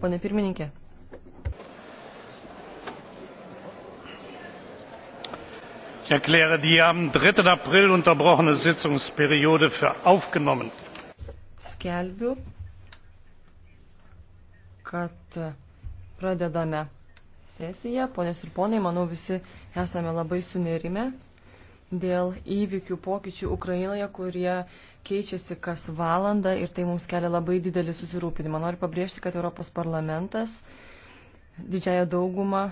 Pone pirmininkė. Ich erkläre die am 3. April unterbrochene Sitzungsperiode für aufgenommen. Skelbiu, kad pradedame sesiją. Ponės ir ponai, manau, visi esame labai sunerime dėl įvykių pokyčių Ukrainoje, kurie keičiasi kas valandą ir tai mums kelia labai didelį susirūpinimą. Noriu pabrėžti, kad Europos parlamentas didžiąją daugumą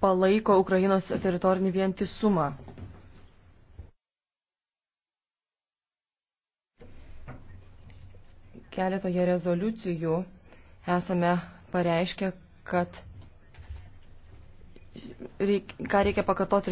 palaiko Ukrainos teritorinį vientisumą. Keletoje rezoliucijų esame pareiškę, kad reik, ką reikia pakartoti